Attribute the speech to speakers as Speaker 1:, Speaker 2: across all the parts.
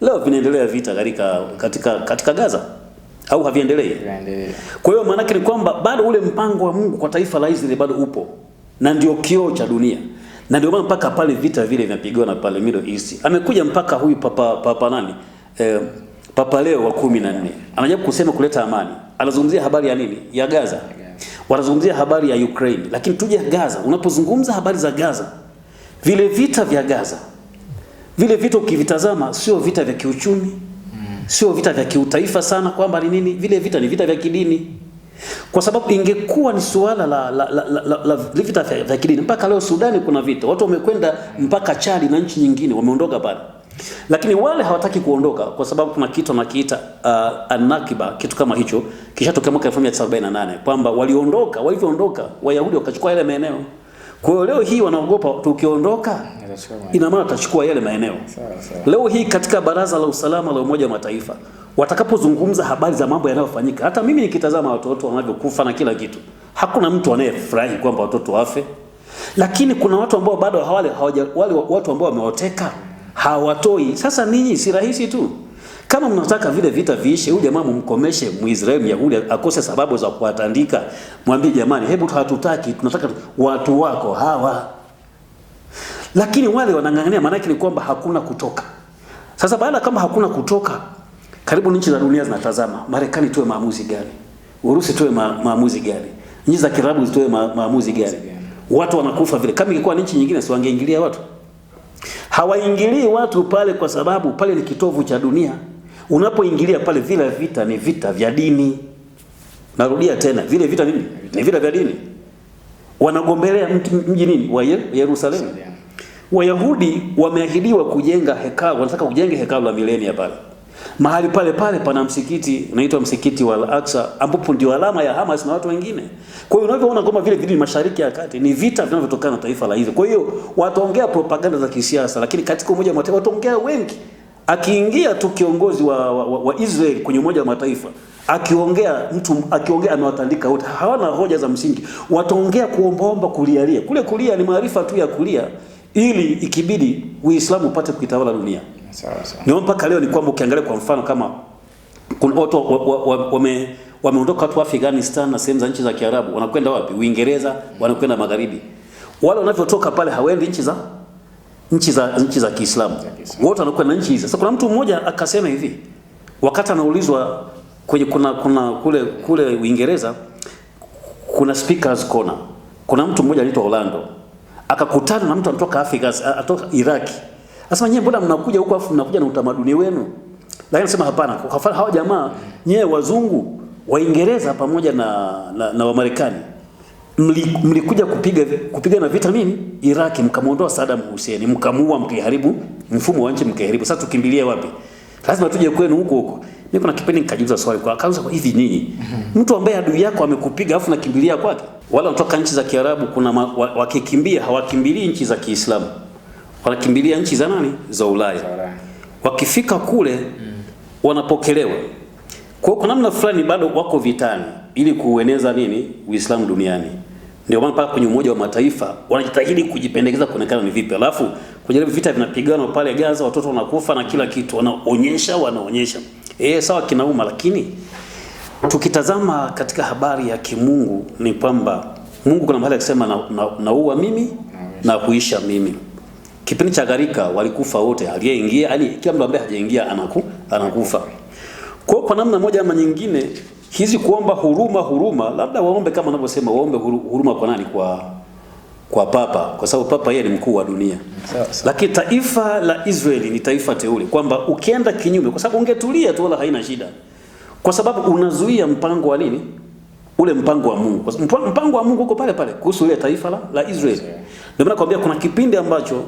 Speaker 1: leo vinaendelea vita katika katika katika Gaza au haviendelei? Kwa hiyo maana ni kwamba bado ule mpango wa Mungu kwa taifa la Israeli bado upo na ndio kioo cha dunia, na ndio maana mpaka pale vita vile vinapigwa na pale Middle East amekuja mpaka huyu papa papa nani eh, Papa Leo wa kumi na nne anajaribu kusema kuleta amani. Anazungumzia habari ya nini? Ya Gaza, wanazungumzia habari ya Ukraine, lakini tuje Gaza. Unapozungumza habari za Gaza, vile vita vya Gaza vile vitu ukivitazama sio vita vya kiuchumi, mm. sio vita vya kiutaifa sana kwamba ni nini, vile vita ni vita vya kidini, kwa sababu ingekuwa ni suala la, la, la, la, la, la vita vya, vya kidini. Mpaka leo Sudani kuna vita, watu wamekwenda mpaka Chadi na nchi nyingine, wameondoka pale, lakini wale hawataki kuondoka kwa sababu kuna kitu anakiita uh, anakiba kitu kama hicho kishatokea mwaka 1948 kwamba waliondoka, walivyoondoka Wayahudi wakachukua ile maeneo. Kwa hiyo leo hii wanaogopa tukiondoka ina maana atachukua yale maeneo. Leo hii katika Baraza la Usalama la Umoja wa Mataifa watakapozungumza habari za mambo yanayofanyika, hata mimi nikitazama watoto wanavyokufa na kila kitu, hakuna mtu anayefurahi kwamba watoto wafe, lakini kuna watu ambao bado hawale hawaja, wale watu ambao wameoteka hawatoi. Sasa ninyi, si rahisi tu kama mnataka vile vita viishe, huyu jamaa mumkomeshe, Mwisraeli Myahudi akose sababu za kuwatandika, mwambie jamani, hebu hatutaki, tunataka watu wako hawa lakini wale wanang'ang'ania, maanake ni kwamba hakuna kutoka. Sasa baada kama hakuna kutoka, karibu nchi za dunia zinatazama Marekani tuwe maamuzi gani, Urusi tuwe ma, maamuzi gani, nchi za kirabu zitoe ma, maamuzi gani, watu wanakufa vile. Kama ingekuwa nchi nyingine, si wangeingilia watu? Hawaingilii watu pale, kwa sababu pale ni kitovu cha dunia. Unapoingilia pale, vile vita ni vita vya dini. Narudia tena, vile vita nini? Ni vita vya dini. Wanagombelea mji nini wa Yerusalemu. Wayahudi wameahidiwa kujenga hekalu, wanataka kujenga hekalu la milenia pale mahali pale pale pana msikiti unaitwa msikiti wa Al-Aqsa ambapo ndio alama ya Hamas na watu wengine. Kwa hiyo unavyoona kama vile vidini Mashariki ya Kati ni vita vinavyotokana na taifa la hizo. Kwa hiyo wataongea propaganda za kisiasa, lakini katika Umoja wa Mataifa wataongea wengi. Akiingia tu kiongozi wa, wa, wa wa Israel kwenye Umoja wa Mataifa akiongea mtu akiongea amewatandika wote, hawana hoja za msingi, wataongea kuombaomba, kulialia. Kule kulia ni maarifa tu ya kulia ili ikibidi Uislamu upate kuitawala dunia. Sawa sawa. mpaka leo ni kwamba ukiangalia kwa mfano kama kuna watu wame wameondoka watu wa Afghanistan na sehemu za nchi za Kiarabu wanakwenda wapi? Uingereza, wanakwenda magharibi. Wale wanavyotoka pale hawaendi nchi za nchi za nchi za Kiislamu. Wote wanakwenda nchi hizo. Sasa kuna mtu mmoja akasema hivi wakati anaulizwa kwenye kuna kuna kule kule Uingereza kuna speakers corner. Kuna mtu mmoja anaitwa Orlando akakutana na mtu anatoka Afrika, anatoka Iraq. asema nyewe, mbona mnakuja huko afu mnakuja na utamaduni wenu? Lakini anasema hapana, kwa hawa jamaa nyewe wazungu, Waingereza pamoja na, na, na Wamarekani mlikuja mli kupiga kupiga na vita nini Iraq, mkamwondoa Saddam Hussein, mkamuua, mkiharibu mfumo wa nchi, mkiharibu. Sasa tukimbilie wapi? Lazima tuje kwenu huko huko. Mimi kuna kipindi nikajiuliza swali kwa akauza hivi, nini mhm. mtu ambaye adui yako amekupiga afu nakimbilia kwake? wale wanatoka nchi za Kiarabu, kuna wakikimbia hawakimbilii nchi za Kiislamu, wanakimbilia nchi za nani? Za Ulaya. Wakifika kule mm. wanapokelewa kwa, kwa namna fulani bado wako vitani ili kueneza nini Uislamu duniani. Ndio maana mpaka kwenye Umoja wa Mataifa wanajitahidi kujipendekeza kuonekana ni vipi, alafu kwenye vita vinapiganwa pale Gaza, watoto wanakufa na kila kitu, wanaonyesha wanaonyesha, eh, sawa kinauma, lakini Tukitazama katika habari ya kimungu ni kwamba Mungu kuna mahali akisema naua na, na mimi na kuisha mimi. Kipindi cha gharika walikufa wote, aliyeingia yani kila mtu ambaye hajaingia anaku, anakufa. Kwa kwa namna moja ama nyingine hizi kuomba huruma huruma, labda waombe kama wanavyosema waombe huruma kwa nani? Kwa kwa papa, kwa sababu papa yeye ni mkuu wa dunia. Lakini taifa la Israeli ni taifa teule, kwamba ukienda kinyume, kwa sababu ungetulia tu wala haina shida kwa sababu unazuia mpango wa nini ule mpango wa Mungu. Mpango wa Mungu uko pale pale kuhusu ile taifa la, la Israeli. Ndio maana nakwambia kuna kipindi ambacho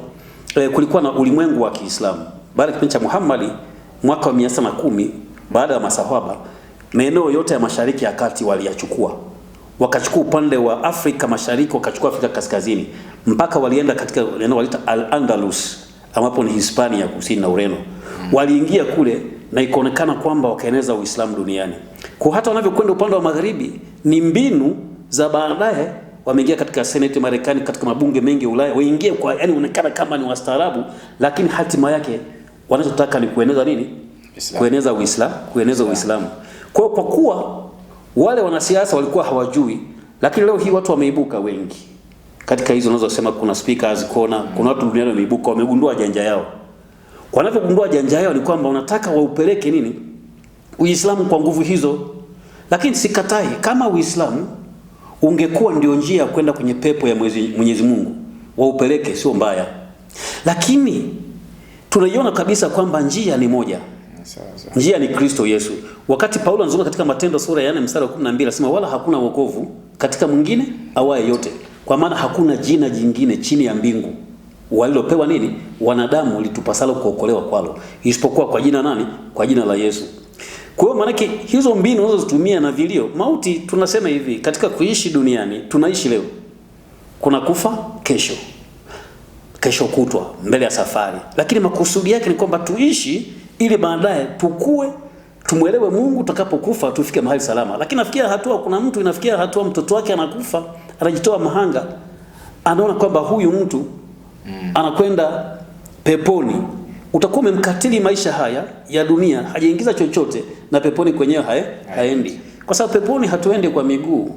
Speaker 1: eh, kulikuwa na ulimwengu wa Kiislamu baada ya kipindi cha Muhammad mwaka wa 710 baada ya masahaba, maeneo yote ya mashariki ya kati waliyachukua, wakachukua upande wa Afrika Mashariki, wakachukua Afrika Kaskazini, mpaka walienda katika eneo walita Al-Andalus ambapo ni Hispania kusini na Ureno, waliingia kule na ikaonekana kwamba wakaeneza Uislamu duniani. Kwa hata wanavyokwenda upande wa magharibi ni mbinu za baadaye, wameingia katika seneti Marekani, katika mabunge mengi ya Ulaya, waingie kwa yani onekana kama ni wastaarabu, lakini hatima yake wanachotaka ni kueneza nini? Islam. Kueneza Uislamu, kueneza Uislamu. Kwa kwa kuwa wale wanasiasa walikuwa hawajui, lakini leo hii watu wameibuka wengi katika hizo unazosema, kuna speakers, kona, kuna watu duniani wameibuka, wamegundua janja yao. Wanavyogundua janja yao ni kwamba unataka waupeleke nini Uislamu kwa nguvu hizo, lakini sikatai kama Uislamu ungekuwa ndio njia ya kwenda kwenye pepo ya Mwenyezi Mungu, waupeleke, sio mbaya, lakini tunaiona kabisa kwamba njia ni moja. Njia ni Kristo Yesu. Wakati Paulo anazungumza katika Matendo sura ya 4 mstari wa 12 anasema wala hakuna wokovu katika mwingine awaye yote, kwa maana hakuna jina jingine chini ya mbingu walilopewa nini wanadamu litupasalo kuokolewa kwalo, isipokuwa kwa jina nani? Kwa jina la Yesu. Kwa hiyo maanake hizo mbinu unazozitumia na vilio, mauti, tunasema hivi katika kuishi duniani, tunaishi leo, kuna kufa kesho, kesho kutwa, mbele ya safari, lakini makusudi yake ni kwamba tuishi ili baadaye tukue tumwelewe Mungu, tutakapokufa tufike mahali salama. Lakini nafikia hatua, kuna mtu inafikia hatua mtoto wake anakufa, anajitoa mahanga, anaona kwamba huyu mtu mm. anakwenda peponi, utakuwa umemkatili maisha haya ya dunia, hajaingiza chochote na peponi kwenyewe hae, haendi, kwa sababu peponi hatuendi kwa miguu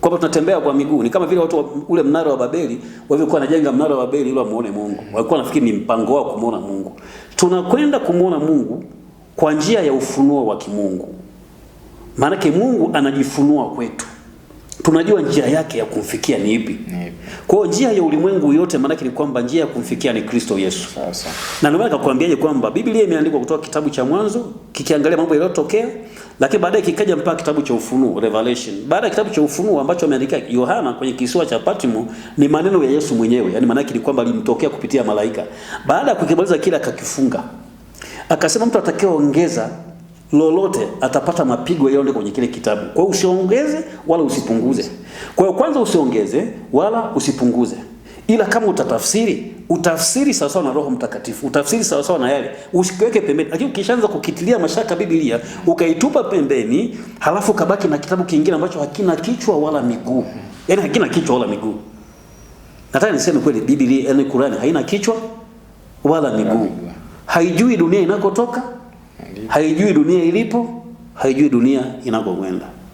Speaker 1: kwamba tunatembea kwa miguu. Ni kama vile watu wa, ule mnara wa Babeli walivyokuwa wanajenga mnara wa Babeli ili wamuone Mungu, mm. walikuwa nafikiri ni mpango wao kumuona Mungu. Tunakwenda kumuona Mungu kwa njia ya ufunuo wa kimungu, maanake Mungu anajifunua kwetu tunajua njia yake ya kumfikia ni ipi. Kwa hiyo njia ya ulimwengu yote maanake ni kwamba njia ya kumfikia ni Kristo Yesu. Sasa. Na ndio maana nikakwambiaje kwamba Biblia imeandikwa kutoka kitabu cha Mwanzo kikiangalia mambo yaliyotokea, lakini baadaye kikaja mpaka kitabu cha Ufunuo Revelation. Baada ya kitabu cha Ufunuo ambacho ameandika Yohana kwenye kisiwa cha Patmo ni maneno ya Yesu mwenyewe. Yaani maanake ni kwamba alimtokea kupitia malaika. Baada ya kukimaliza kile akakifunga. Akasema mtu atakayeongeza lolote atapata mapigo yale kwenye kile kitabu. Kwa hiyo usiongeze wala usipunguze. Kwa hiyo kwanza usiongeze wala usipunguze, ila kama utatafsiri utafsiri sawasawa na Roho Mtakatifu, utafsiri sawasawa na yale, usikiweke pembeni. Lakini ukishaanza kukitilia mashaka Biblia ukaitupa pembeni, halafu kabaki na kitabu kingine ambacho hakina kichwa wala miguu, yaani hakina kichwa wala miguu. Nataka niseme kweli, Biblia yani Qur'ani haina kichwa wala miguu, haijui dunia inakotoka haijui dunia ilipo, haijui dunia inakokwenda.